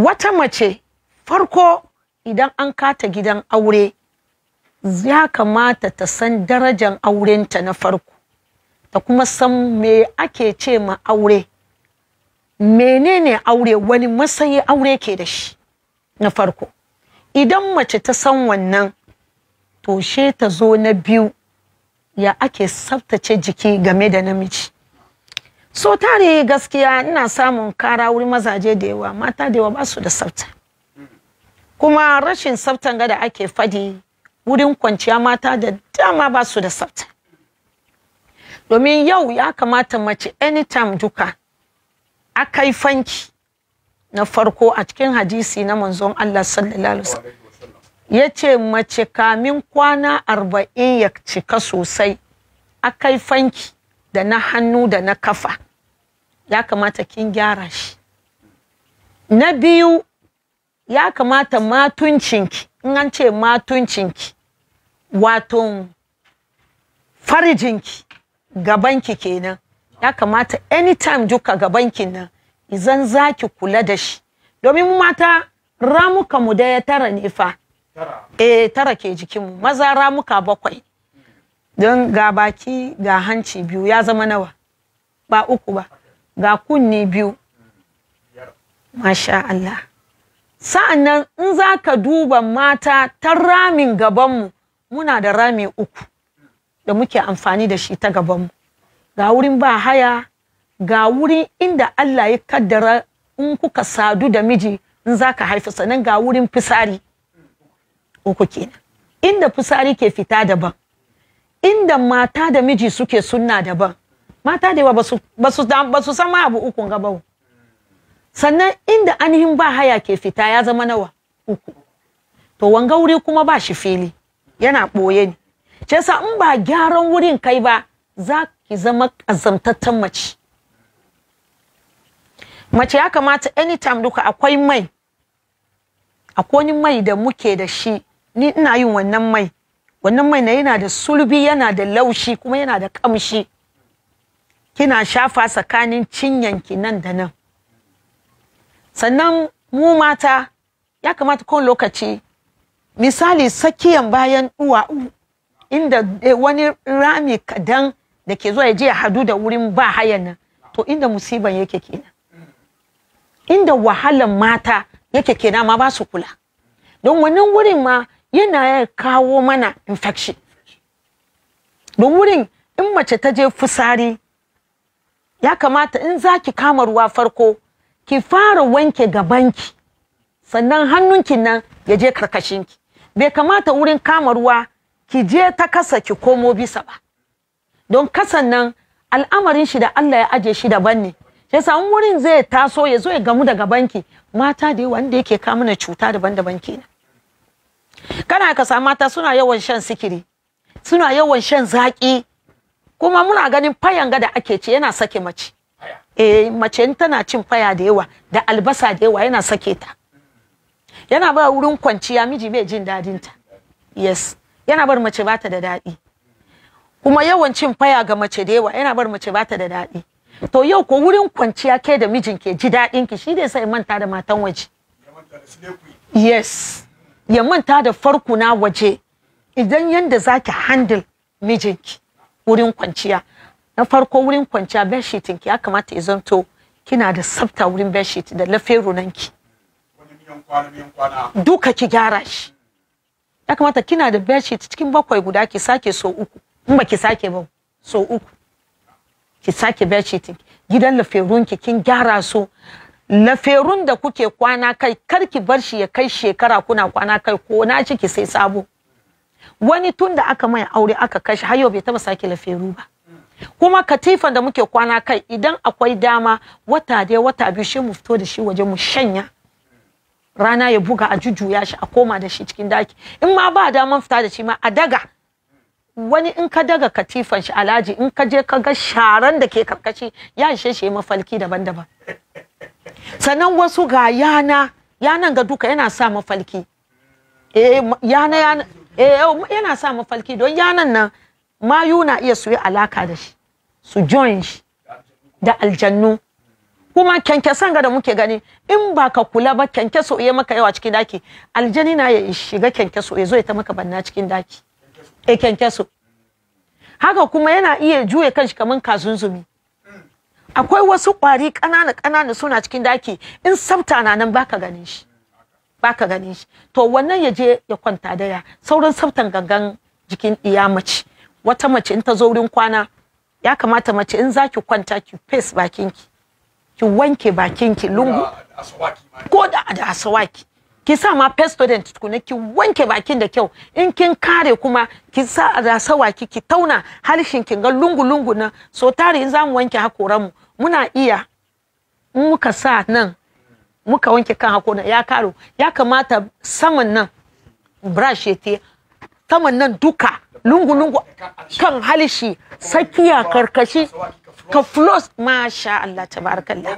wata mace farko idan an kata gidan aure ya kamata ta san darajan aurenta na farko ta kuma san me ake ce ma aure menene aure wani masayi aure ke da shi na farko idan mace ta san wannan to she ta zo na biyu ya ake tsaftace jiki game da namiji so tare gaskiya ina samun kara wuri mazaje da yawa mata da yawa ba su da tsafta kuma rashin tsaftan gada ake fadi wurin kwanciya mata da dama ba su da tsafta domin yau ya kamata mace anytime duka akai fanki na farko a cikin hadisi na manzon Allah sallallahu alaihi wasallam yace mace kamin kwana arba'in ya cika sosai akai fanki da na hannu da na kafa ya kamata kin gyara shi na biyu ya kamata matuncinki in an ce matuncinki wato farijinki gabanki kenan ya kamata anytime duka gabanki nan izan zaki kula da shi domin mata ramuka mu da ya tara ne fa eh tara ke jikinmu maza ramuka bakwai don ga baki ga hanci biyu ya zama nawa ba uku ba ga kunni biyu masha Allah sa'an in za ka duba mata ta ramin gaban mu muna da rami uku da muke amfani da shi ta gabanmu ga wurin ba haya ga wurin inda Allah ya kaddara in kuka sadu da miji in za ka haifi sannan ga wurin fisari uku kenan inda fisari ke fita daban inda mata da miji suke sunna daban mata da yawa ba su san ma abu uku ga bawo sannan inda ainihin ba haya ke fita ya zama nawa uku to wanga wuri kuma ba shi fili yana ɓoye ne ce sa in ba gyaran wurin kai ba za ki zama ƙazamtattan mace mace ya kamata anytime duka akwai mai akwai mai da muke da shi ni ina yin wannan mai wannan mai na yana da sulbi yana da laushi kuma yana da ƙamshi kina shafa tsakanin cinyanki nan da nan sannan mu mata ya kamata kowane lokaci misali sakiyan bayan uwa inda eh, wani rami kadan da ke zuwa ya hadu da wurin ba hayan nan to inda musiban yake kenan inda wahalan mata yake kenan ma ba su kula don wannan wurin ma yana ya kawo mana infection don wurin in mace ta je fusari ya kamata in za ki kama ruwa farko ki fara wanke gabanki sannan hannunkin nan ya je karkashinki bai kamata wurin kama ruwa ki je ta kasa ki komo bisa ba don kasan nan al'amarin shi da Allah ya aje shi daban ne ya samu wurin zai taso ya zo ya gamu da gabanki mata da wanda yake kama na cuta daban-daban kenan kana ka samu mata suna yawan shan sikiri suna yawan shan zaƙi kuma muna ganin fayan ga da ake ci yana sake mace eh mace in tana cin faya da yawa da albasa da yawa yana sake ta yana ba wurin kwanciya miji bai jin dadin ta yes yana bar mace bata da daɗi kuma yawan cin faya ga mace da yawa yana bar mace bata da daɗi to yau ko wurin kwanciya ke da mijin ke ji daɗin ki shi dai sai manta da matan waje yes ya manta da farko na waje idan yanda zaki handle mijinki wurin kwanciya na farko wurin kwanciya bedsheetin ki ya kamata ya zanto kina da tsafta wurin bedsheet da lafero nan ki duka ki gyara shi ya kamata kina da bedsheet cikin bakwai guda ki sake so uku in ba ki sake ba so uku ki sake bedsheetin gidan laferun ki kin gyara so laferun da kuke kwana kai kar ki bar shi ya kai shekara kuna kwana kai ko na ciki sai sabo wani tun da aka mai aure aka kashe har bai taba sake laferu ba kuma katifan da muke kwana kai idan akwai dama wata dai wata biyu shi mu fito da shi waje mu shanya rana ya buga a jujjuya shi a koma da shi cikin daki in ma ba daman fita da shi ma a daga wani in ka daga katifan shi alaji in ka je ka ga sharan da ke karkashi ya ishe shi mafalki daban-daban sannan wasu ga yana yanan ga duka yana sa mafalki eh yana yana eh yana sa mafalki don yanan nan mayu na iya su yi alaka da shi su join shi da aljannu kuma kyankyasan ga da muke gani in ba ka kula ba kyankyaso iya maka yawa cikin daki aljani na ya shiga kyankyaso ya zo ya ta maka banna cikin daki eh kyankyaso haka kuma yana iya juya kanshi kaman kazunzumi akwai wasu kwari ƙanana kanana suna cikin daki in sabta na nan baka ganin shi baka ganin shi to wannan ya je ya kwanta daya sauran tsaftan gangan jikin ɗiya mace wata mace in ta zo wurin kwana ya kamata mace in za ki kwanta ki face bakin ki Ki wanke bakin ki lungu ko da da asawaki ki sa ma pestodent tukuna ki wanke bakin da kyau in kin kare kuma ki sa da asawaki ki tauna harshen kin ga lungu lungu na so tare in za mu wanke hakoran mu muna iya in muka sa nan muka wanke kan hako na ya karo ya kamata saman nan brush ya te saman nan duka lungu lungu kan halishi sakiya karkashi ka floss masha Allah tabarakallah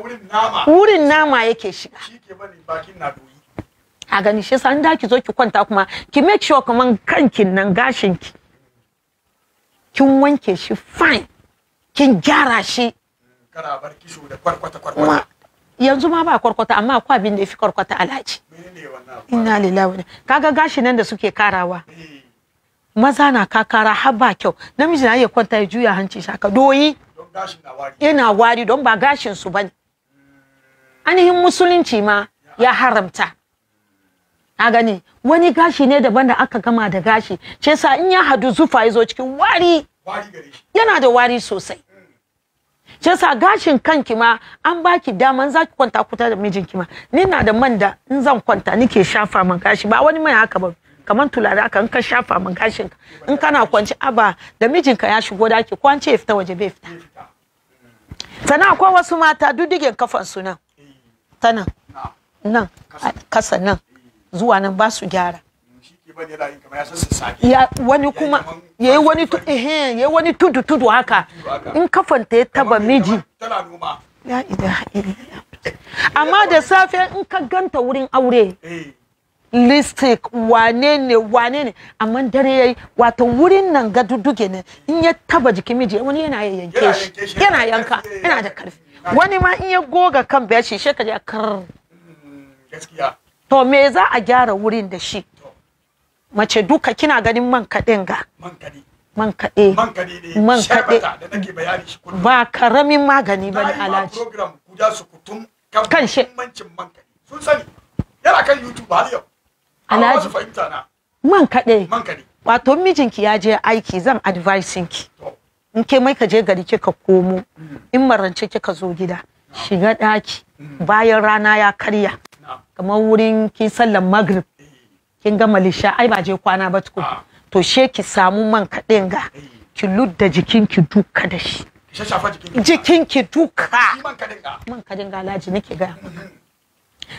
wurin nama yake shiga a gani shi san da ki zo ki kwanta kuma ki make sure kaman kankin nan gashin ki kin wanke shi fine kin gyara shi bar da kwarkwata kwarkwata yanzu ma ba kwarkwata amma akwai abin da ya fi kwarkwata alhaji inna lillahi kaga gashi nan da suke karawa eh. maza na kakara har ba kyau namiji na iya kwanta ya juya hanci shaka doyi Ina wari don ba gashin su bane hmm. ainihin musulunci ma ya haramta a gani wani gashi ne daban da aka gama da gashi ce sa in ya hadu zufa ya cikin wari yana da wari sosai shi sa gashin kanki ma an baki daman za ki kwanta kuta da mijinki ma ni na da man da in zan kwanta nike shafa man gashi ba wani mai haka ba kamar tulare haka in ka shafa man gashin ka in kana kwanci aba da mijinka ya shigo daki kwance ya fita waje bai fita sannan akwai wasu mata dudigen kafan su nan ta nan nan kasa nan zuwa nan basu su gyara ya wani yayi wani tudu tudu haka in kafanta ya taba miji amma da safe in ka ganta wurin aure eh. listic wane ne wane ne amma dare yayi wato wurin nan ga dudduke ne in ya taba jikin miji wani yana yanke shi yana yanka yana da karfi wani ma in ya goga kan bashi shi ka ya kar mm, to me za a gyara wurin da shi mace duka kina ganin man kaɗin ga man kaɗe man kaɗe ba karamin magani ba ne alhaji program guda su kutum kan shi Man sun sani yana kan youtube har yau Alaji. na. man kaɗe man kaɗe wato mijinki ya je aiki zan advising ki in ke mai ka je gari kika komo mm. in marance kika zo gida shiga ɗaki mm. bayan rana ya karya kamar wurin kin sallan maghrib. kin gama lisha ai ba je kwana ba tuku ah. to she ki samu man kaɗin ga ki ludda jikin ki duka da shi jikin ki duka man kaɗin ga alhaji nake ga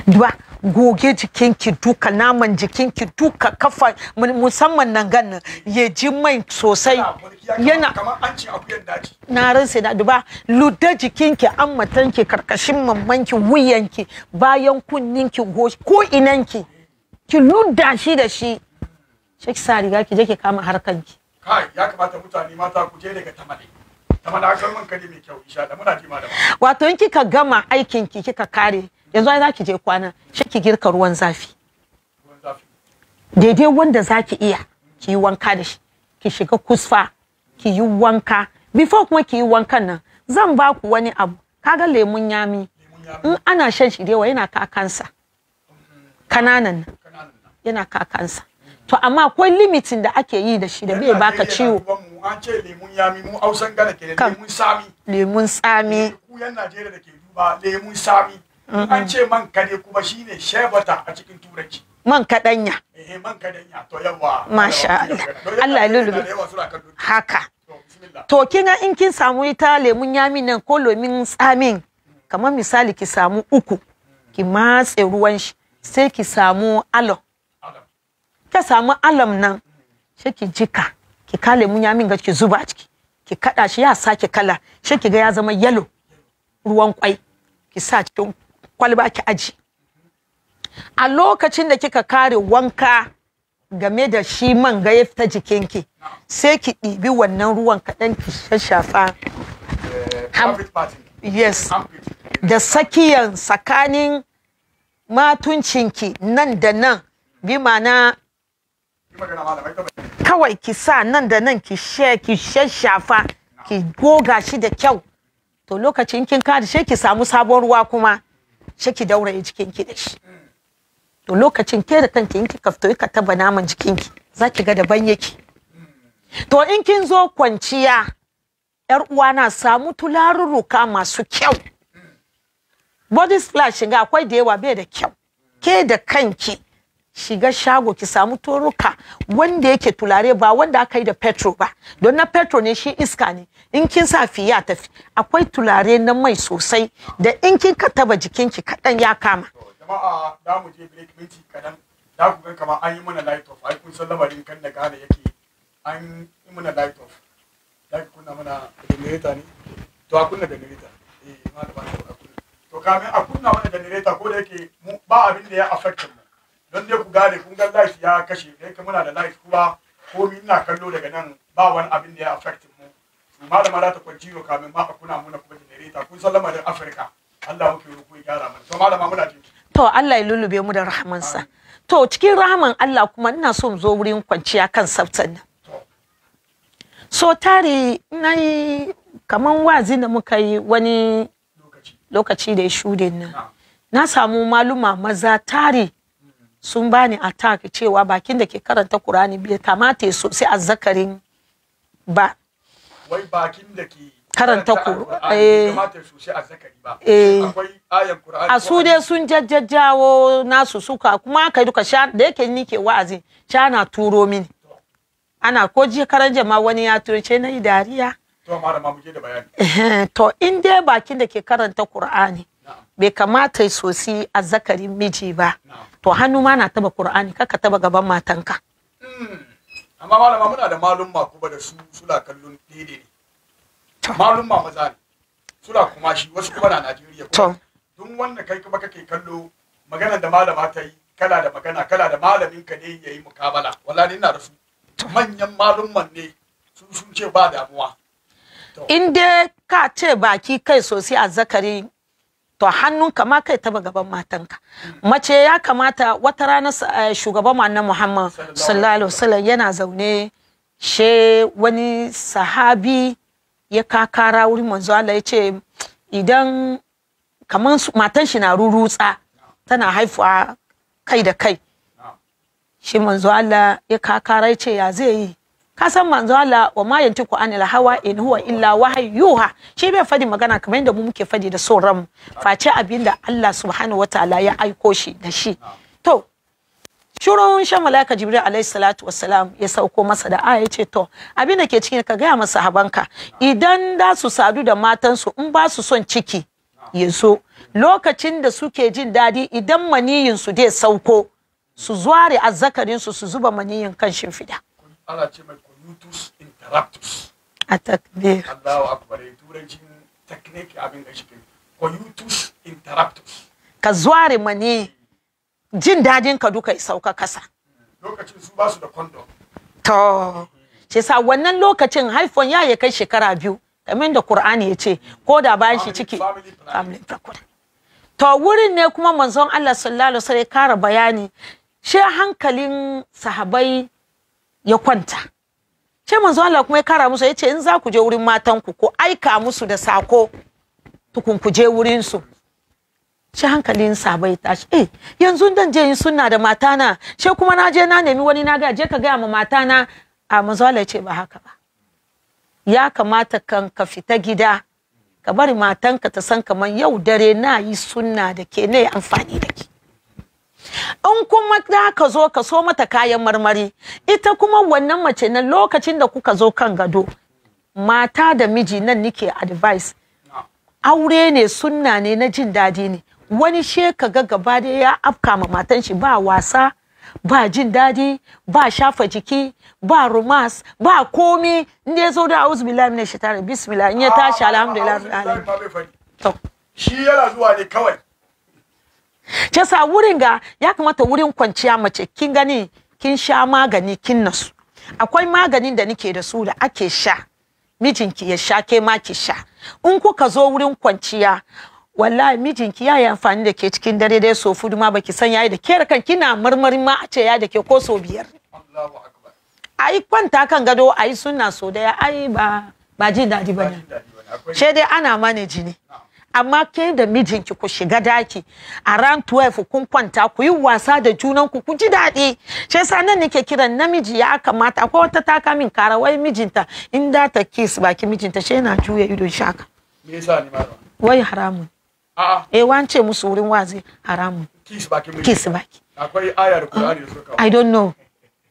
duba goge jikin ki duka naman jikin ki duka kafa musamman nan gan ya ji mai sosai yana na sai da duba ludda jikin ki ammatan ki karkashin mamman ki wuyan ki bayan kunnin ki ko inan ki ki nuda shi da shi shi ki sa riga ki je ki kama harkan ki kai ya kamata mutane mata ku je daga tamale tamale akan man kadi mai kyau insha Allah muna ji malama wato in kika gama aikin ki kika kare yanzu ai zaki je kwana shi ki girka ruwan zafi ruwan zafi daidai wanda zaki iya ki yi wanka da shi ki shiga kusfa ki yi wanka before kuma ki yi wankan nan zan ba ku wani abu kaga lemun yami in ana shan shi da yawa yana kakansa kananan yana kakansa to amma akwai limitin da ake yi da shi da bai baka ciwo an ce lemun yami mu ausan gana ke lemun sami lemun sami eh, ku yan Najeriya da ke duba lemun sami an ce man kade kuma shine shebata a cikin turanci man kadanya eh, eh man kadanya to yawa masha Allah Allah ya lulube haka to kin ga in kin samu ita lemun yami nan ko lemun tsamin kamar misali ki samu uku ki matse ruwan shi sai ki samu alo ta samu alam nan shi ki jika ki kale mun yamin ga ki zuba ciki ki kada shi ya sake kala shi ki ga ya zama yellow ruwan kwai ki sa cikin kwalba ki aji a lokacin da kika kare wanka game da shi man ga fita jikinki sai ki ɗibi wannan ruwan kaɗan ki shashafa yes da sakiyan tsakanin matuncinki nan da nan bi ma'ana kawai ki sa nan da nan ki she ki shashafa ki goga shi da kyau to lokacin kin kada she ki samu sabon ruwa kuma she ki daura jikin ki da shi to lokacin ke da kanki in ki kafto kika taba naman jikin ki zaki ga daban yake to in kin zo kwanciya yar uwa na samu tularurruka masu kyau body splash ga akwai da yawa bai da kyau ke da kanki shiga shago ki samu toruka wanda yake tulare ba wanda aka yi da petro ba don na petro ne shi iska ne in kin sa fiya tafi akwai tulare na mai sosai da in kin ka taba jikinki kaɗan ya kama jama'a da mu je break minti kadan da ku ga kamar an yi mana light off ai kun san lamarin kan da gane yake an yi mana light off da ku kunna mana generator ne to a kunna generator eh ma da ba to kamin a kunna mana generator ko da yake ba abin da ya affect mu don dai ku gane kun ga life ya kashe kai ka muna da life kuma komi ina kallo daga nan ba wani abin da ya affect mu to malama za ta kwanci yau kamin ma a kuna muna kuma generator kun san lamarin Afirka Allah muke roƙo ku gyara mana to malama muna jin to Allah ya lullube mu da rahamansa to cikin rahaman Allah kuma ina so mu zo wurin kwanciya kan sabtan nan so tare na yi kaman wazi da muka yi wani lokaci da ya shude nan na samu maluma maza tare sun bani attack cewa bakin da ke karanta Qur'ani bai kamata ya sosai azzakarin ba wai bakin da ke karanta Qur'ani eh. ba eh. a su dai sun jajjajawo nasu suka kuma aka yi duka da yake ni ke wa'azi sha na turo mini ana ko ji karan jama'a wani ya turo ce na yi dariya to da bayani eh, to in dai bakin da ke karanta Qur'ani bai kamata sosai zakarin miji ba to hannu ma na taba qur'ani kaka taba gaban matanka hmm. amma malama muna da malumma kuma da su suna kallon dede ne malumma maza ne suna kuma shi wasu kuma na Najeriya to duk wanda kai kuma kake kallo maganar da malama ta yi kala da magana kala da malamin ka ne yayi mukabala wallahi ina da su manyan malumman ne sun sun ce ba damuwa in dai ka ce baki kai sosai a zakari to hannunka ma kai taba gaban matanka mace ya kamata wata rana eh, shugaban mu annabi Muhammad sallallahu alaihi yana zaune she wani sahabi ya kakara wurin manzo Allah ya idan kaman matan shi na rurutsa tana haifuwa kai da kai shi manzo Allah ya kakara ya ce ya zai yi kasan manzo Allah wa ma yantiku anil hawa in huwa illa wahayyuha shi bai fadi magana kamar yadda mu muke fadi da son ranmu face abinda Allah subhanahu wataala ya aiko shi da shi to shurun shan malaika jibril alaihi salatu wassalam ya sauko masa da aya ce to abin da ke cikin ka gaya masa habanka idan da su sadu da matan su in ba su son ciki ya zo lokacin da suke jin dadi idan maniyin su dai sauko su zware azzakarin su su zuba maniyin kan shimfida ana ce mai conutus interruptus a takbir Allahu akbar turanci technique abin da shi conutus interruptus ka zuware mani jin dadin ka duka sauka kasa lokacin su ba su da condom to Ce sa wannan lokacin haifon ya ya kai shekara biyu kamar da Qur'ani ya ce ko da bayan shi ciki family planning to wurin ne kuma manzon Allah sallallahu alaihi wasallam ya kara bayani shi hankalin sahabai ya kwanta ce manzo Allah kuma ya kara musu ya ce in za ku je wurin matanku ku aika musu da sako tukun ku je wurin su Ce hankalin sa bai tashi eh yanzu dan je yin sunna da matana she kuma na je na nemi wani na ga je ka gaya ma mata matana a manzo Allah ya ce ba haka ba ya kamata kan ka fita gida ka bari matanka ta san kamar yau dare na yi sunna da ke ne amfani da ke in kuma za ka zo ka so mata kayan marmari ita kuma wannan mace na lokacin da kuka zo kan gado mata da miji nan nike advice aure ne sunna ne na jin daɗi ne wani she ka ga gaba da ya afka ma matan shi ba wasa ba jin daɗi ba shafa jiki ba rumas ba komi in ya zo da auzu billahi minash shaitani bismillah in ya tashi alhamdulillah shi yana zuwa ne kawai ce sa wurin ga ya kamata wurin kwanciya mace kin gani kin sha magani kin nasu akwai maganin da nike da su da ake sha mijinki ya sha ke ma ki sha in kuka zo wurin kwanciya wallahi mijinki yayi amfani da ke cikin dare dai so fudu ma baki san yayi da ke kan kina marmarin ma a ce ya da ke ko so biyar ai kwanta kan gado ai sunna so daya ai ba ba jin dadi bane she dai ana manage ne amma ke da mijinki ku shiga daki a ran 12 kun kwanta ku yi wasa da junanku ku ji daɗi shi yasa nan nake kiran namiji ya kamata akwai wata taka min kara wai mijinta in da ta kiss baki mijinta shi yana juya ido shaka me yasa ni ma wai haramun a'a eh wance musu wurin wazi haramun kiss baki kiss baki akwai aya da Qur'ani da suka I don't know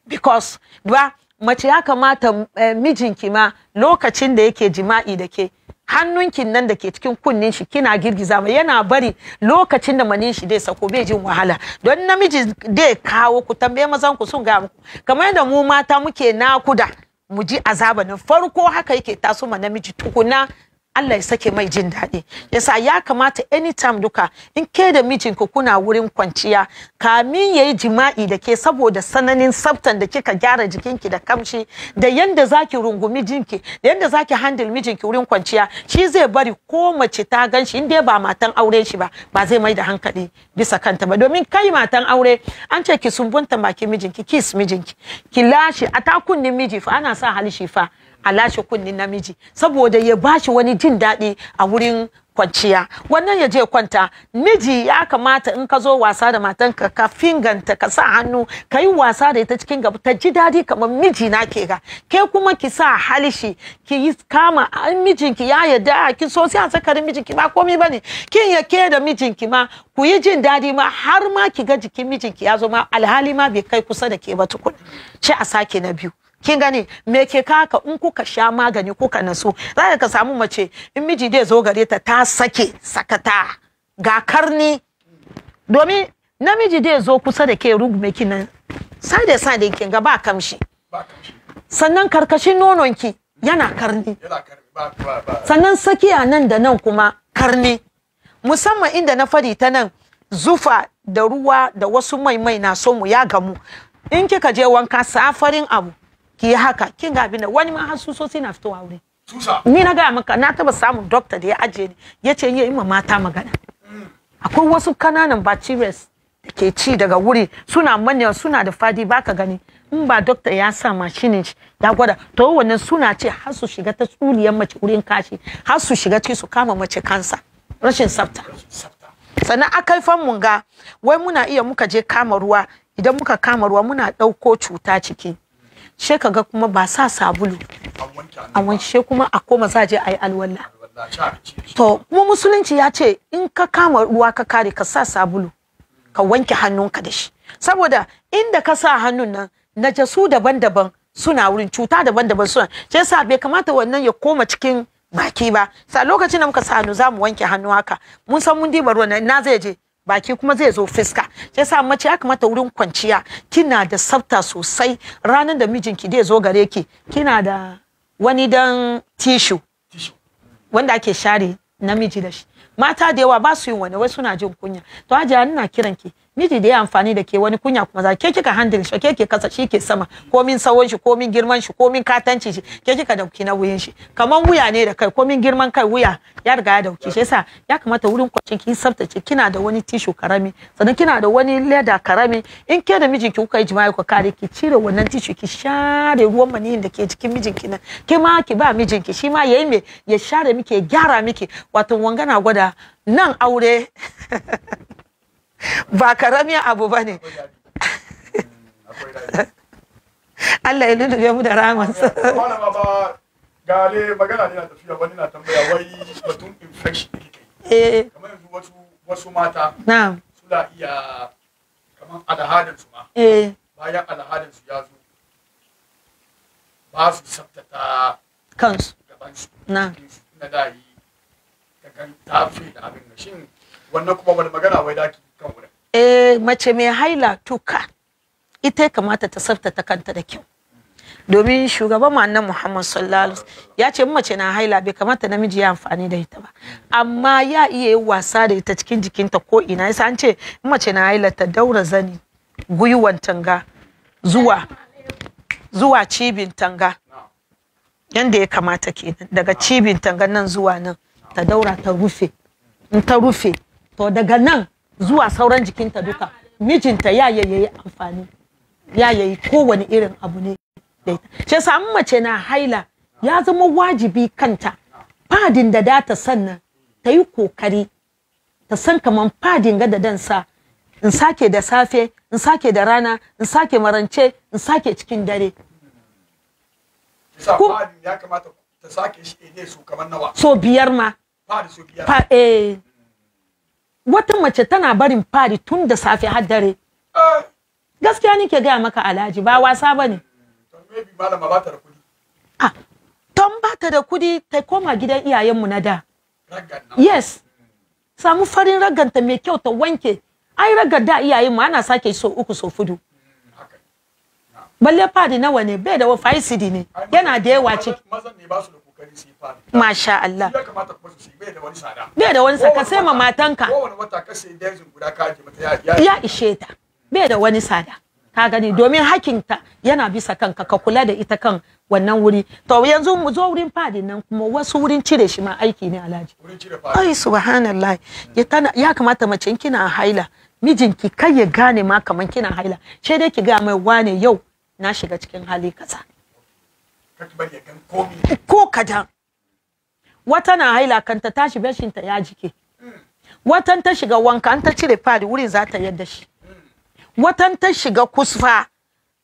because ba mace ya kamata eh, mijinki ma lokacin da yake jima'i da ke hannunkin nan da ke cikin kunnen shi kina girgiza mai yana bari lokacin da manin shi dai sako bai jin wahala don namiji dai kawo ku tambaye mazan ku sun ga muku kamar yadda mu mata muke nakuda mu ji azabanin farko haka yake taso ma namiji tukuna Allah ya sake mai jin daɗi yasa ya kamata anytime duka in ke da ku kuna wurin kwanciya kamin yayi jima'i da ke saboda sananin tsaftan da kika gyara jikinki da kamshi da yanda zaki rungumi jinki da yanda zaki handle mijinki wurin kwanciya shi zai bari ko mace ta ganshi in dai ba matan aure shi ba ba zai mai da hankali bisa kanta ba domin kai matan aure an ce ki sumbunta baki mijinki kiss mijinki ki lashi a takunnin miji fa ana sa halishi fa a lashe kunnin namiji saboda ya bashi wani jin daɗi a wurin kwanciya wannan ya je kwanta miji ya kamata in ka zo wasa da matanka ka finganta ka sa hannu ka yi wasa da ita cikin gaba ta ji dadi kamar miji na ke ga ke kuma ki sa halishi ki yi kama an mijinki ya yarda ki so sai a sakarin mijinki ba komai bane kin ya ke da mijinki ma ku yi jin daɗi ma har ma ki ga jikin mijinki ya zo ma alhali ma bai kai kusa da ke ba tukun ce a sake na biyu kin gani me ke kaka in kuka sha magani kuka naso za ka samu mace in miji dai zo gare ta ta sake sakata ga karni domin namiji dai zo kusa da ke me kin nan sade sade kin ga ba kamshi sannan karkashin nononki yana karni sannan sakiya nan da nan kuma karni musamman inda na fari ta nan zufa da ruwa da wasu mai-mai na so mu ya gamu in kika je wanka safarin abu ki yi haka kin ga abin da wani ma har susosi na fitowa wuri ni na gaya maka na taba samun doctor da ya ajiye ni ya ce yi ma mata magana akwai wasu kananan bacterias da ke ci daga wuri suna manya suna da fadi baka gani in ba doctor ya sa mashinin ya gwada to wannan suna ce har su shiga ta tsuliyar mace wurin kashi har su shiga ce su kama mace kansa rashin tsafta sannan akai fan mun ga wai muna iya muka je kama ruwa idan muka kama ruwa muna ɗauko cuta ciki she kaga kuma ba sa sabulu a wanshe kuma a koma zaje je ayi alwala to kuma musulunci ya ce in ka kama ruwa ka kare ka sa sabulu ka wanke hannunka da shi saboda inda ka sa hannun nan na jasu daban-daban suna wurin cuta daban-daban suna ce sa bai kamata wannan ya koma cikin baki ba sa lokacin da muka sa hannu za wanke hannu haka mun san mun diba ruwan na zai je baki kuma zai zo fiska sai sa mace aka mata wurin kwanciya kina da tsafta sosai ranar da mijinki zai zo gare ki kina da wani dan tishu wanda ake share namiji da shi mata da yawa ba su yin wani wai suna jin kunya to hajiya ina kiran ki miji da ya amfani da ke wani kunya kuma za ke kika handle shi ke ke kasa shi ke sama komin sawon shi komin girman shi komin katanci shi ke kika dauki na wuyan shi kaman wuya ne da kai komin girman kai wuya ya riga ya dauki shi yasa ya kamata wurin kwacin ki tsaftace kina da wani tishu karami sannan kina da wani leda karami in ke da mijinki kuka yi jima'i ku kare ki cire wannan tishu ki share ruwan maniyin da ke cikin mijinki nan ki ma ki ba mijinki shi ma yayi me ya share miki ya gyara miki wato wangana gwada nan aure ba karamin abu ba ne Allah ya lullube mu da ramansa ga ne magana ne na tafiya wani na tambaya wai batun infection kamar yanzu wasu wasu mata eh. na'am suna iya kamar su ma eh bayan su ya zo ba su kansu gaban su na'am na da abin shin wannan kuma wani magana wai daki eh mace mai haila tuka ita kamata ta tsaftata kanta da kyau domin shugaban annan Muhammad sallallahu alaihi ya ce mace na haila bai kamata namiji ya amfani da ita ba amma ya iya yi wasa da ita cikin jikinta ko ina yasa an ce mace na haila ta daura zani gwiwan tanga zuwa zuwa cibin tanga yanda ya kamata kenan daga cibin tanga nan zuwa nan ta daura ta rufe in ta rufe to daga nan zuwa sauran jikinta duka mijinta ya yayi amfani ya yayi kowane irin abu ne da samu mace na haila ya zama wajibi kanta fadin da data sannan ta yi kokari ta san kaman fadin ga da dansa in sake da safe in sake da rana in sake marance in sake cikin dare ya kamata ta sake shi ne eh, su kamar nawa so biyar ma fa eh wata mace tana barin fari tun da safe har dare gaskiya nake gaya maka alhaji ba wasa ba ne ah, ton ba ta da kudi ta koma gidan iyayenmu na da yes samu farin raganta mai kyau ta wanke ai ragar da iyayenmu ana sake so uku so fudu balle fadi nawa ne bai da wafa ne yana da yawa ciki masha Allah ya bai da wani sada bai da wani sai ma matanka ka guda ka ya ishe ta bai da wani sada ka gani domin hakinta yana bisa kanka ka kula da ita kan wannan wuri to yanzu mu zo wurin fadin nan kuma wasu wurin cire shi ma aiki ne alhaji ai subhanallah ya kamata mace kina haila mijinki kai ya gane ma kaman kina haila sai dai ki ga mai wane yau na shiga cikin hali kaza ko kadan wata na haila kanta ta bashin ta ya jike watan ta shiga wanka an ta cire fari wurin za ta yadda shi watan ta shiga kusfa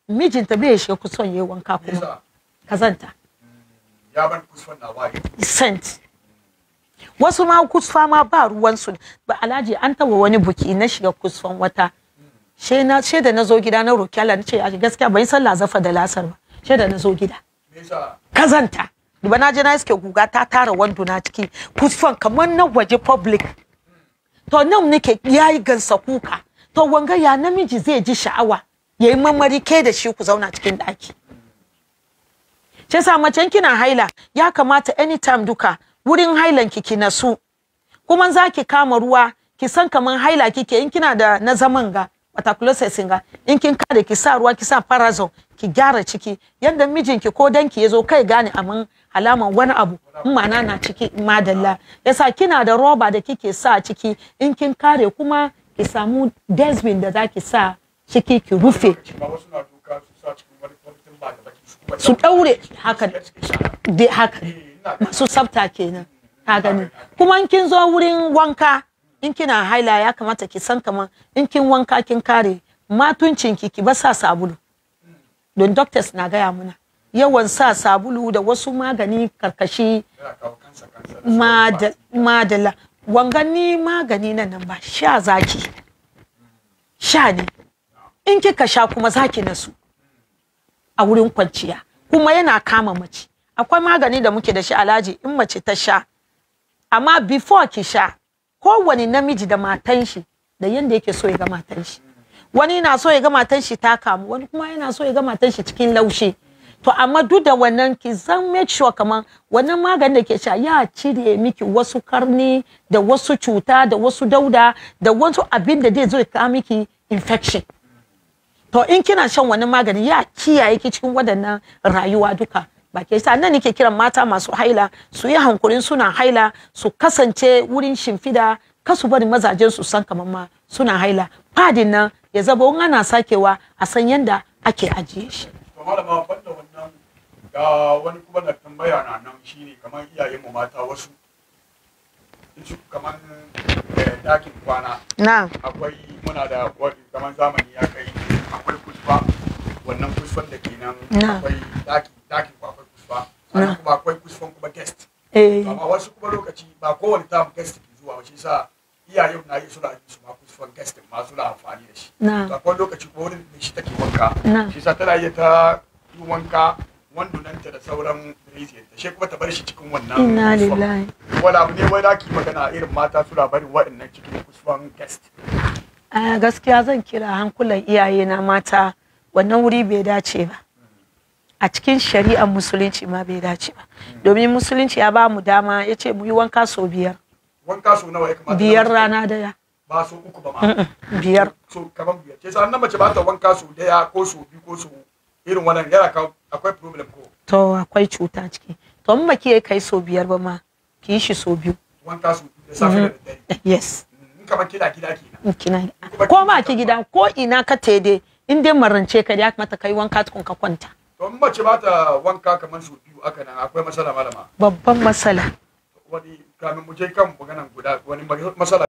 mijinta bai shiga kusfan yi wanka kuma kazanta mm, ya ban kusfa na wari sent wasu ma kusfa ma ba ruwansu ba alhaji an taba wani buki na shiga kusfan wata she da nazo gida na roki Allah na ce gaskiya ban sallah zafa da lasar ba she da nazo gida kazanta duba na je na iske guga ta tara wando na ciki kusfan kamar na waje public to nan nake yayi gansa kuka to wanga ya namiji zai ji sha'awa yayi mamari ke da shi ku zauna cikin daki ce sa macen kina haila ya kamata anytime duka wurin hailan ki ki nasu kuma zaki kama ruwa ki san kaman haila kike in kina da na zaman ga pataculosis singa in kin kare ki sa ruwa ki sa parazol ki gyara ciki yadda mijinki ko danki ya zo kai gane amin alaman wani abu in mana na ciki madalla yasa kina da roba da kike sa ciki in kin kare kuma ki samu desbin da zaki sa ciki ki rufe su daure haka haka masu sabta kenan ka gani kuma in kin zo wurin wanka in kina haila ya kamata ki san kaman in kin wanka kin kare matuncin ki ki ba sa sabulu don doctors na gaya muna yawan sa sabulu da wasu magani karkashi madala wangani magani nan nan ba sha zaki sha ne in kika sha kuma zaki na su a wurin kwanciya kuma yana kama mace akwai magani da muke da shi alaji in mace ta sha amma before ki sha kowane namiji da matan shi da yanda yake so ya ga matan shi wani na so ya ga matan shi ta kamu wani kuma yana so ya ga matan shi cikin laushi. to amma duk da wannan ki zan make sure kaman wannan maganin da ke sha ya cire miki wasu karni da wasu cuta da wasu dauda da wasu abin da zai zo ka miki infection to in kina shan wannan magani ya kiyaye ki cikin wadannan rayuwa duka ba ke sa nan nake kiran mata masu haila su yi hankurin suna haila su kasance wurin shimfida kasu bari mazajen su san kamar ma suna haila fadin nan ya zaba wani ana sakewa a san yanda ake ajiye shi. malama banda wannan ga wani kuma da tambaya na nan shine kamar iyayen mu mata wasu kamar dakin eh, kwana akwai muna da kamar zamani ya kai akwai kusfa wannan kusfan da ke nan akwai dakin ana kuma akwai kusan kuma guest eh. amma wasu kuma lokaci ba kowane tam guest ke zuwa ba shi sa iyaye na yi suna yi su ma kusan guest ma suna amfani da shi to akwai lokaci ko wani da shi take wanka shi sa tana iya ta yi wanka wandunanta da sauran riziyarta shi kuma ta bar shi cikin wannan inna lillahi wala ne wai da ki magana irin mata suna barin waɗannan cikin kusan guest gaskiya zan kira hankulan iyaye na mata wannan wuri bai dace ba a cikin shari'ar musulunci ma bai dace ba domin musulunci ya ba mu dama ya ce mu yi wanka sau biyar wanka sau nawa ya kamata biyar rana daya ba so uku ba ma biyar so kaman biyar ce sa nan mace ba ta wanka sau daya ko sau biyu ko sau irin wannan yana ka akwai problem ko to akwai cuta ciki to mun baki kai sau biyar ba ma ki shi sau biyu wanka sau biyu da safe da mm-hmm. dare yes in mm-hmm. kaman kina gida mm, kina ko ma ki gida ko ina ka tede in dai marance ka ya kamata kai wanka tukun ka kwanta to mace ba ta wanka kamar su biyu aka nan akwai matsala malama babban matsala wani kamin mu je kan maganan guda wani matsala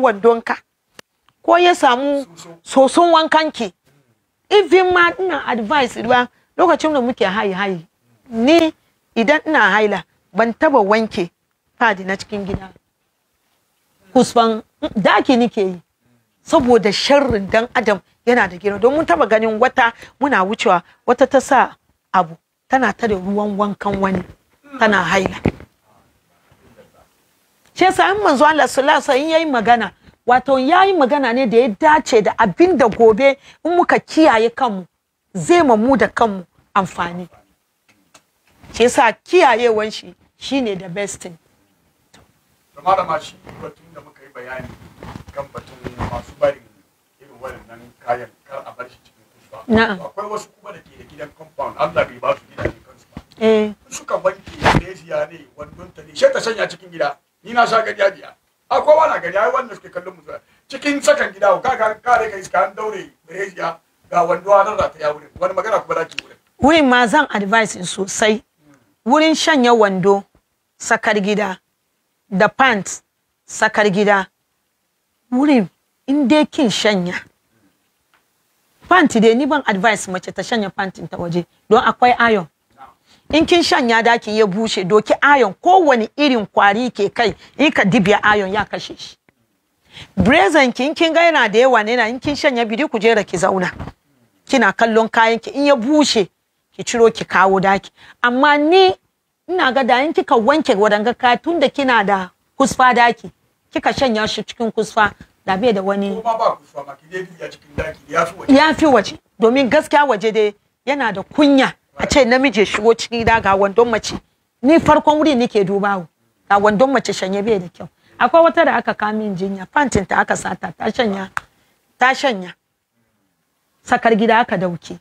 wandonka ko ya samu soson wankanki even ma ina advice ba lokacin da muke hayi hayi ni idan ina haila ban taba wanke fadi na cikin gida kusban mm, daki nike yi saboda sharrin dan adam yana da gina don mun taba ganin wata muna wucewa wata ta sa abu tana ta da ruwan wankan wani tana haila shi yasa in manzo Allah sallallahu alaihi wasallam yayi magana wato yayi magana ne da ya dace da abin da gobe in muka kiyaye kanmu zai mu da kanmu amfani shi yasa kiyayewan shi shine the best thing to malama shi batun da muka yi bayani kan batun masu barin irin waɗannan kayan kar a bar shi cikin kusurwa akwai wasu kuma da ke da gidan compound Allah bai ba su gidaje kansu ba eh suka wanke da ne wannan ta ne shi ta sanya cikin gida ni na sha gariya biya akwai wani gari ai wanda suke kallon musu cikin sakan gida ka ka kare ka an daure Malaysia ga wanduwa nan za ta ya wurin wani magana kuma za ki wurin wurin ma zan advice in sosai wurin shanya wando sakar gida da pants sakar gida wurin in dai kin shanya panty dai ni ban advice mace ta shanya pantin ta waje don akwai iron in kin shanya daki ya bushe doki ayon kowane irin kwari ke kai in ka dibiya ayon ya kashe shi brazen ki in kin ga yana da yawa ne na in kin shanya bidi ku jera ki zauna kina kallon kayan ki in ya bushe ki ciro ki kawo daki amma ni ina ga da in kika wanke wadanga kaya tun da kina da kusfa daki kika shanya shi cikin kusfa da bai da wani ya fi waje domin gaskiya waje dai yana da kunya a ce namiji ya shigo cikin gida ga wandon mace ni farkon wuri nake dubawa ga wandon mace shanye bai da kyau akwai wata da aka kamin jinya fantin ta aka sata ta shanya ta shanya sakar gida aka dauke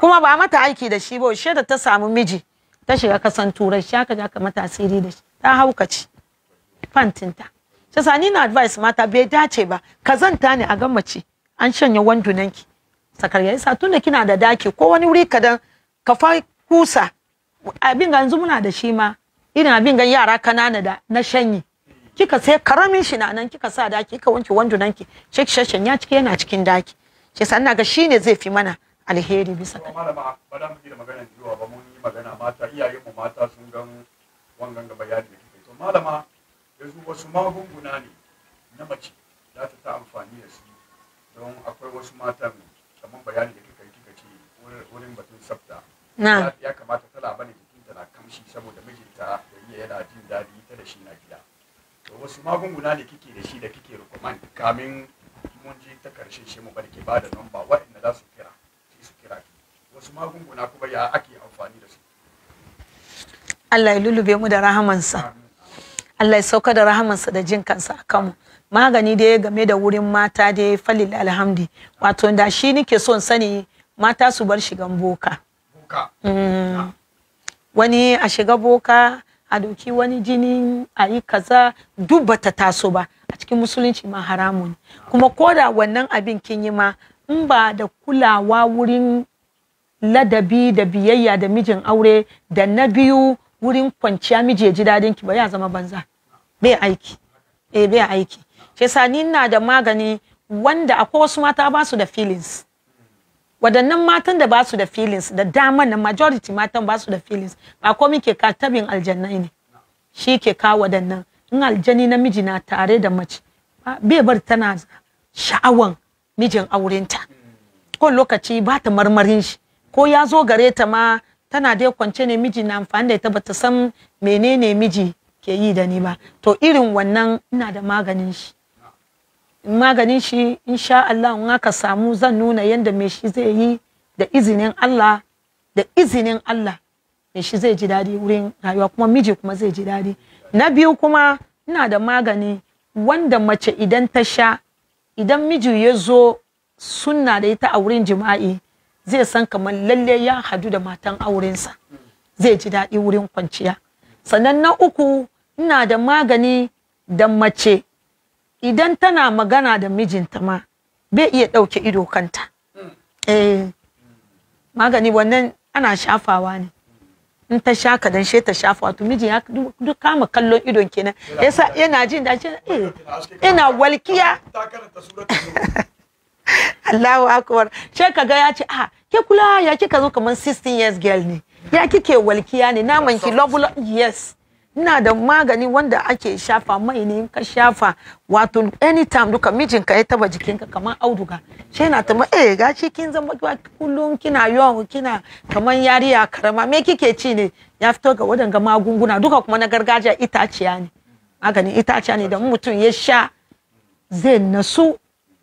kuma ba mata aiki da shi ba she da ta samu miji ta shiga kasan turai shi aka ja ka mata asiri da shi ta haukaci. fantin ta sai ni na advice mata bai dace ba Ka zanta ne a gan mace an shanya wandunanki sakar ya isa da kina da daki ko wani wuri kadan ka kusa abin ga yanzu muna da shi ma irin abin ga yara kanana da na shanyi kika sai karamin shi na nan kika sa daki kika wanke wandunan ki shi ki shashan ya ciki yana cikin daki shi yasa ina ga shine zai fi mana alheri bisa kan malama ba da muke da magana jiwa ba mun yi magana mata iyayen mu mata sun gan wangan gaba bayani da kike to malama yanzu wasu magunguna ne na mace za ta ta amfani da su don akwai wasu matan kamar bayani da kika yi kika ce wurin batun tsafta ya kamata tana jikin jikinta na kamshi saboda mijinta da iya yana jin daɗi ta da shi na gida to wasu magunguna ne kike da shi da kike recommend kamin mun je ta karshe shi mu barke ba da namba waɗanda za su kira shi su kira ki wasu magunguna kuma ya ake amfani da su Allah ya lulube mu da rahamansa Allah ya sauka da rahamansa da jin kansa a kanmu magani da ya game da wurin mata da ya falil alhamdi wato da shi nike son sani mata su bar shigan boka boka mm. wani a shiga boka a doki wani jini a yi kaza duk bata taso ba a cikin musulunci ma haramu ne kuma ko da wannan abin kin yi ma in ba da kulawa wurin ladabi da biyayya da mijin aure da na biyu wurin kwanciya miji ya ji dadin ki ba ya zama banza bai aiki eh bai aiki shi ni na da magani wanda akwai wasu mata ba su da feelings waɗannan matan da ba su da feelings da dama na majority matan ba su da feelings ba komai ke ka tabin aljannai ne shi ke ka waɗannan in aljani miji na tare da mace bai bar tana sha'awan mijin aurenta ko lokaci ba ta marmarin shi ko ya zo gare ta ma tana dai kwance ne miji na amfani da ita bata san menene miji ke yi da ni ba to irin wannan ina da maganin shi maganin shi insha Allah in aka samu zan nuna yadda me shi zai yi da izinin Allah da izinin Allah me shi zai ji dadi wurin rayuwa kuma miji kuma zai ji daɗi na biyu kuma ina da magani wanda mace idan ta sha idan miji ya zo sunna da ita a wurin jima'i zai san kamar lalle ya hadu da matan aurensa zai ji daɗi wurin kwanciya sannan na uku ina da magani da mace idan tana magana da mijinta ma bai iya ɗauke ido kanta eh magani wannan ana shafawa ne in ta sha kadan she ta shafa wato miji ya duk kama kallon idon kenan yasa yana jin da shi eh, ina walkiya Allahu akbar she kaga ya ce ah ke kula ya kika zo kaman 16 years girl ne ya kike walkiya ne naman ki lobula yes ina da magani wanda ake shafa mai ne ka shafa wato anytime duka mijinka ya taba jikinka kamar auduga shi ta tama eh gashi kin zama kullum kina yawan kina kamar yariya karama me kike ci ne ya fito ga wadanga magunguna duka kuma na gargajiya itaciya ne maganin itaciya ne da mutum ya sha zai nasu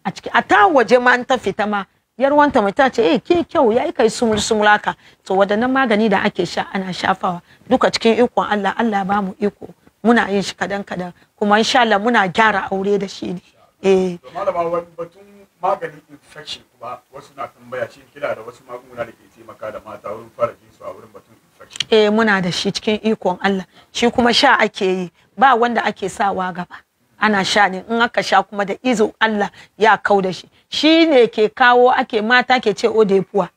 a ciki a ta waje ma ta fita ma yar wanta mai ta ce eh ke kyau yayi kai sumul sumula to wadannan magani da ake sha ana shafawa duka cikin ikon Allah Allah ba mu iko muna yin shi kadan kadan kuma insha Allah muna gyara aure da shi ne eh malama wani batun maganin infection kuma wasu na tambaya shi kila da wasu magunguna da ke taimaka da mata wurin fara su a wurin batun infection eh muna da shi cikin ikon Allah shi kuma sha ake yi ba wanda ake sawa gaba ana sha ne in aka sha kuma da izo Allah ya kau da shi shi ne ke kawo ake mata ke ce puwa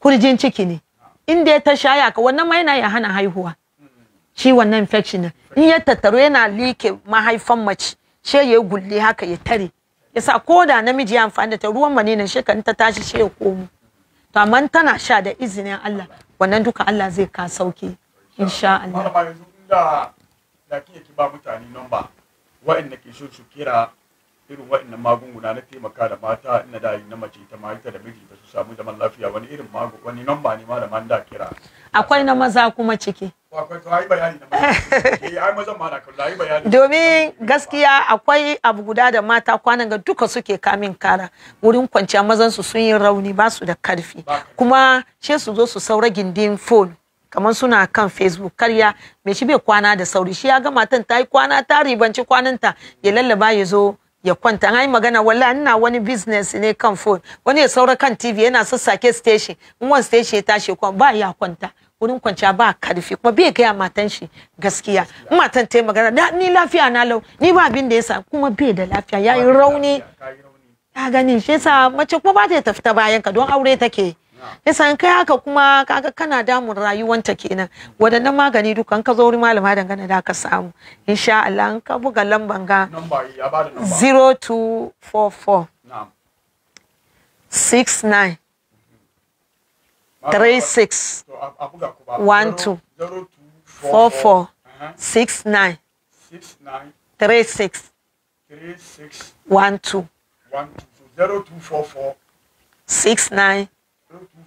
kurjin ciki ne inda ya ta sha ka wannan ma yana ya hana haihuwa shi wannan infection in ya tattaro yana like mahaifan mace she ya gulle haka ya tare yasa ko da namiji ya amfani da ta ruwan maninan she kan ta tashi she ya komo to amma tana sha da izinin Allah wannan duka Allah zai ka sauke insha Allah da kike ba mutane number ke kira irin waɗannan magunguna na taimaka da mata ina da yi na mace ta mata da miji ba su samu zaman lafiya wani irin magu wani namba ne ma da man da kira akwai na maza kuma ciki akwai to ai bayani na maza eh, ai maza ma na kula ai bayani domin gaskiya akwai abu guda da mata kwanan ga duka suke kamin kara wurin kwanciya mazan su sun yi rauni ba su da karfi kuma she su zo su saura gindin phone kamar suna kan facebook karya me shi bai kwana da sauri shi ya ga matan ta yi kwana ta ribanci kwananta ya lallaba ya zo ya kwanta an yi magana wala ina wani business ne kan phone wani ya saura kan tv yana sassake station in wani station ya tashi ba ya kwanta wurin kwanciya ba karfi kuma bai gaya matan shi gaskiya matan ta magana da ni lafiya na lau ni ba abin da ya sa kuma bai da lafiya ya yi rauni ta gani shi yasa mace kuma ba ta tafi ta bayan ka don aure take yasa kai haka kuma kaga kana damun rayuwanta kenan wadannan magani dukan ka zo wurin malama dangane da ka samu insha Allah an ka buga lamban ga 0244 69 36 12 44 69 36 12 six nine.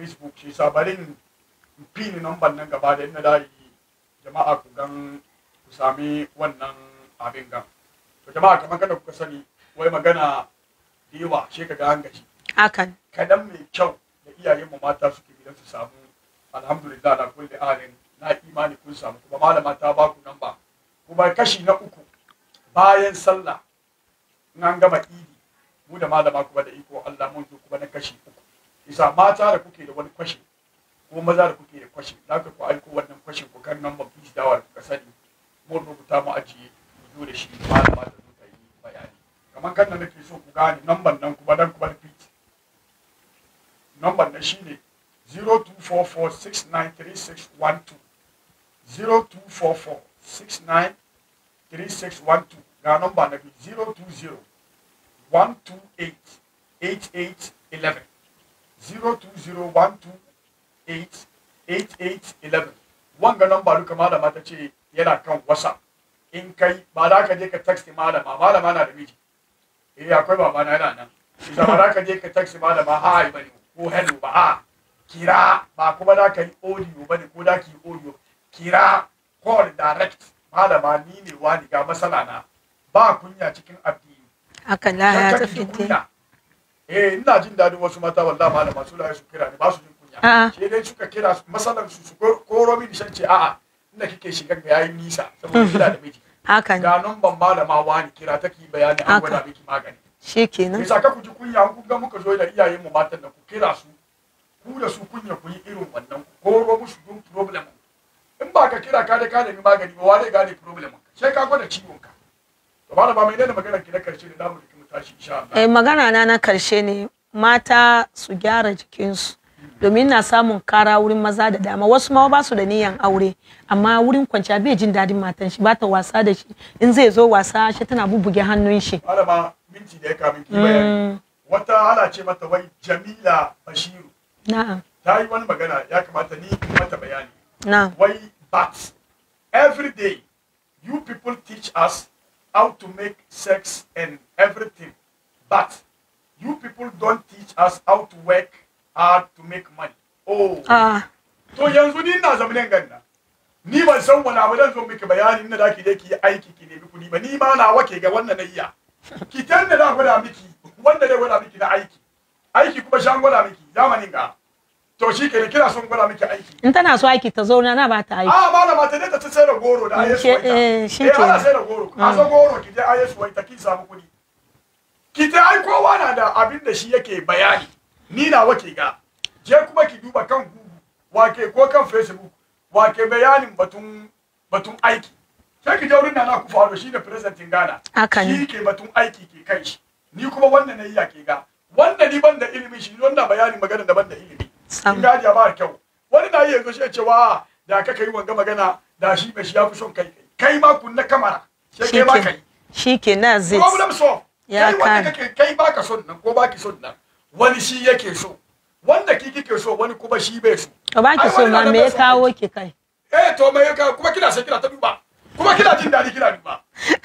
facebook shi sa bari in pin number nan gaba da ina da jama'a ku gan ku sami wannan abin gan to jama'a kamar kada kuka sani wai magana da yawa shi ga an gaji akan kadan mai kyau da iyayen mu mata suke gidan su samu alhamdulillah da kulli alin na imani kun samu kuma malama ta ba ku namba kuma kashi na uku bayan sallah in an gama idi mu da malama kuma da iko Allah mun kuma na kashi uku isa mata da kuke da wani kwashe ko maza da kuke da kwashe za ka ku aiko wannan kwashe ku kan nan babu shi dawar ku sani mu rubuta mu ajiye mu zo da shi malama da zo ta yi bayani kamar kan nan nake so ku gane number nan kuma dan kuma repeat namban nan shine 0244693612 0244693612 ga namba na bi 020 128 8811 0201288811 wanga namba duka malama ta ce yana kan whatsapp in kai ba za ka je ka text malama malama na da miji eh akwai baba na yana nan idan ba za ka je ka text malama hi bane ko hello ba a ah, kira ba kuma za ka yi audio bane ko za ka yi audio kira call direct malama ni ne wani ga masala na ba kunya cikin addini haka la ya tafi eh ina jin dadin wasu mata wallahi malama masu lai su kira ne ba su jin kunya shi dai suka kira su su su koro mini shan ce a'a inda kike shiga ga yayin nisa saboda kira da miji hakan ga numban malama wani kira take bayani an gwada miki magani shikenan bisa ka ku ji kunya kun ga muka zo da iyayen mu matan da ku kira su ku da su kunya ku yi irin wannan ku koro musu dun problem in ba ka kira ka da ka nemi magani ba wa dai gane problem sai ka gwada ciwon ka to malama mai ne magana ki na karshe da namu eh, magana na na karshe ne mata su gyara jikinsu domin na samun kara wurin maza da dama wasu ma ba su da niyan aure amma wurin kwanciya bai jin dadin matan shi ba ta wasa da shi in zai zo wasa shi tana bubbuge hannun shi malama minti da ya kamin ki bayani mm. wata hala ce mata wai Jamila Bashiru na'am ta yi wani magana ya kamata ni mata bayani na'am wai but every day you people teach us how to make sex and everything. But you people don't teach us how to work hard to make money. Oh. Ah. To yanzu ni ina zama nan ganna. Ni ban san wani abu zan zo miki bayani ina da je ki yi aiki ki bi kuɗi ba ni ma na wake ga wannan na iya. Ki tanna da gwada miki wanda dai gwada miki na aiki. Aiki kuma shan gwada miki zamanin ga. To shi ke kira son gwada miki aiki. In tana so aiki ta zauna na ba ta aiki. Ah ba na ba ta dai ta sai da goro da ayyuka. Eh, eh shi ke. Eh ana sai da goro. Ka san ah. goro ki je ayyuka ki samu kuɗi. ki ta ai kowa na da abin da shi yake bayani ni na wake ga je kuma ki duba kan google wake ko kan facebook wake bayanin batun batun aiki sai ki je na na ku faro shi da presentin Ghana shi ke batun aiki ke kai shi ni kuma wannan na yi ya ke ga wannan ni ban da ilimi shi wannan bayanin magana da da ilimi in ya ba kyau wani na yi yanzu shi ya ce wa da ka kai wanga magana da shi bai shi ya fi son kai kai ma kunna kamara sai kai ma kai shi ke na zai problem ya kai wanda kake kai baka son nan ko baki son nan wani shi yake so wanda ki kike so wani kuma shi bai so to baki so ma me ya kawo ki kai eh to me ya kawo kuma kina sai kina ta duba kuma kina jin dadi kina duba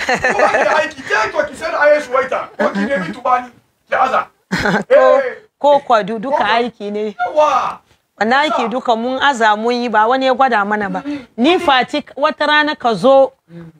kuma kina aiki ke to ki san ayesu waita ko ki nemi tubani ki aza ko eh. ko kwadu duka aiki ne yawa wallahi ki duka mun aza mun yi ba wani ya gwada mana ba ni fati wata rana ka zo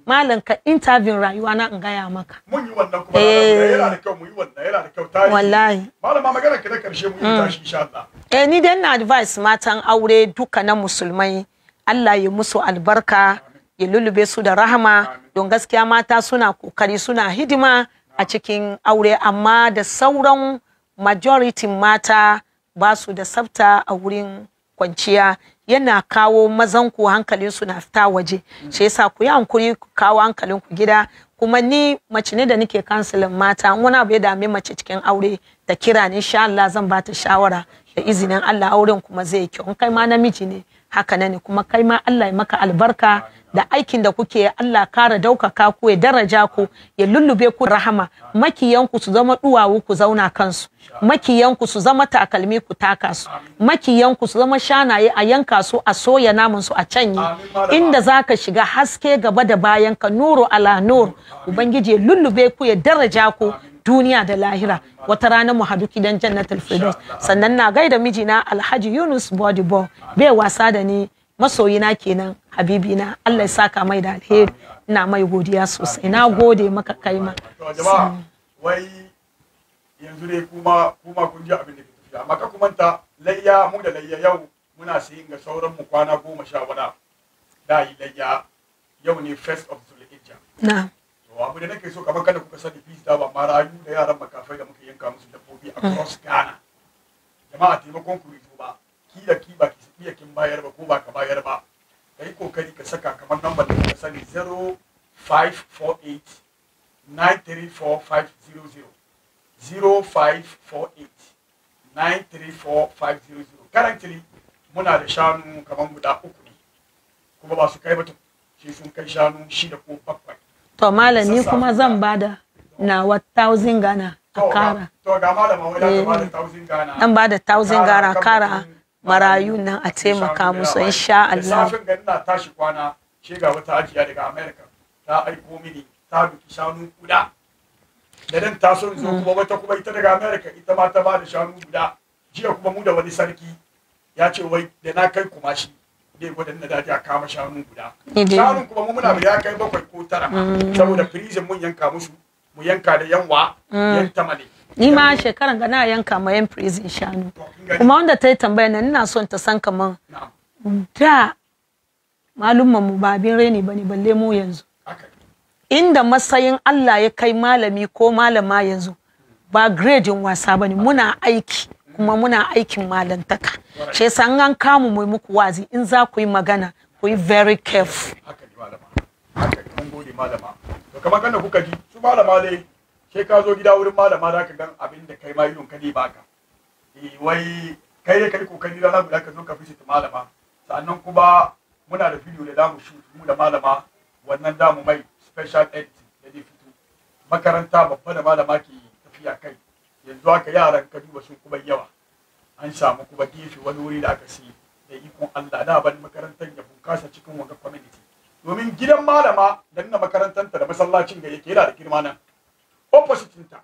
malam ka interview rayuwa na in gaya maka mun yi wannan kuma eh. yana da kyau mun yi wannan yana da kyau tarihi wallahi malama magana ki da karshe mun yi mm. tashi insha Allah eh ni dan na advice matan aure duka na musulmai Allah ya musu albarka ya lulube su da rahama don gaskiya mata suna kokari suna hidima a cikin aure amma da sauran majority mata ba da tsafta a wurin kwanciya yana kawo mazan ku hankalin su na fita waje shi yasa ku yi hankuri ku kawo hankalin ku gida kuma ni mace ne da nake kansilin mata wani abu ya dami mace cikin aure da kira ne insha Allah zan ba ta shawara da izinin Allah auren kuma zai kyau in kai ma namiji ne haka ne kuma kai ma Allah ya maka albarka da aikin da kuke Allah kara daukaka ku ya daraja ku ya lullube ku rahama makiyanku su zama duwawu ku zauna kansu makiyanku su zama takalmi ku taka su makiyanku su zama shanaye a yanka su a soya namun su a yi inda zaka shiga haske gaba da bayan ka nuru ala nur ubangiji ya lullube ku ya daraja ku duniya da lahira wata rana mu hadu gidan jannatul firdaus sannan na gaida mijina alhaji yunus bodibo bai wasa da ni masoyina kenan habibina allah ya saka mai da alheri ina mai godiya sosai na gode maka kai ma wai yanzu dai kuma kuma kun ji abin da ke tafiya amma ka kuma ta layya mu da layya yau muna sayin ga sauran mu kwana goma sha wada da yi layya yau ne first of zulhijja na'am abu da nake so kamar kada kuka sani fista ba marayu da yaran makafai da muke yanka musu dabbobi a cross hmm. Ghana jama'a taimakon ku yanzu ba ki da ki ba ki iya kin bayar ba ko ba ka bayar ba kai kokari ka saka kamar number da kuka sani 0548 934500 currently muna da shanu kamar guda uku ne kuma ba su kai ba shi sun kai shanu shida ko bakwai to malami kuma zan bada nawa thousand gana a kara dan gana. da bada ghana a kara marayu nan a taimaka musu in sha Allah safin ga ina tashi kwana shi ga wata ajiya daga America ta aiko mini ta duki shanu guda da dan taso zo hmm. kuma wata kuma ita daga America ita ma ta bada shanu guda jiya kuma mu da wani sarki ya ce wai da na kai kuma shi dai waɗanda da a kama shanu guda shanun kuma mu muna ya kai bakwai ko tara mm. saboda prison mun yanka musu mu yanka da yanwa mm. yan tamale ni ma shekaran ga na yanka ma yan prison shanu kuma wanda ta yi tambaya na ina son ta san kaman da malumman mu ba abin reni bane balle mu yanzu inda matsayin Allah ya kai malami ko malama yanzu ba gradin wasa bane muna aiki kuma muna aikin malantaka shi yasa an kamu mai muku wazi in za ku yi magana ku yi very careful kamar kan kuka ji su malama dai sai ka zo gida wurin malama da ka gan abin da kai ma idon ka ne baka eh, wai kai ne kai kokari rana guda ka zo ka fice ta malama sannan kuma muna da video da zamu shoot mu da malama wannan damu mai special edit da zai fito makaranta babba da malama ke tafiya kai yanzu haka yaran ka duba sun kuma yawa an samu kuma gefe wani wuri da aka sai da ikon Allah da ban makarantar ya bunkasa cikin wanga community domin gidan malama dan na ta da masallacin ga yake yana da girma nan opposite ta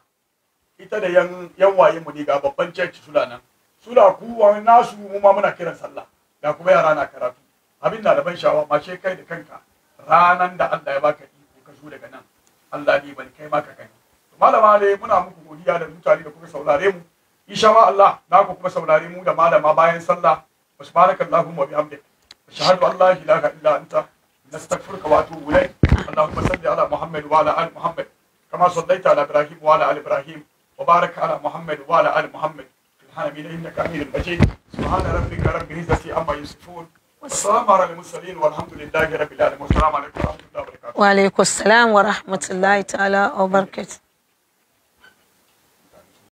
ita da yan yan waye mu ne ga babban church sula nan sula kuwa nasu mu ma muna kiran sallah ga kuma yara na karatu abin da ban shawa. ma kai da kanka ranan da Allah ya baka iko ka zo daga nan Allah ne ban kai maka kai malama ne muna muku godiya da mutane da kuka saurare mu insha Allah na ku kuma saurare mu da malama bayan sallah subhanakallahumma wa bihamdika ashhadu an la ilaha illa anta nastaghfiruka wa atubu ilaik allahumma salli ala muhammad wa ala ali muhammad kama sallaita ala ibrahim wa ala ali ibrahim wa ala muhammad wa ali muhammad fil alamin innaka hamidun majid subhana rabbika rabbil izzati amma yasifun السلام على المرسلين والحمد لله رب العالمين والسلام عليكم ورحمه الله وبركاته وعليكم السلام ورحمه الله تعالى وبركاته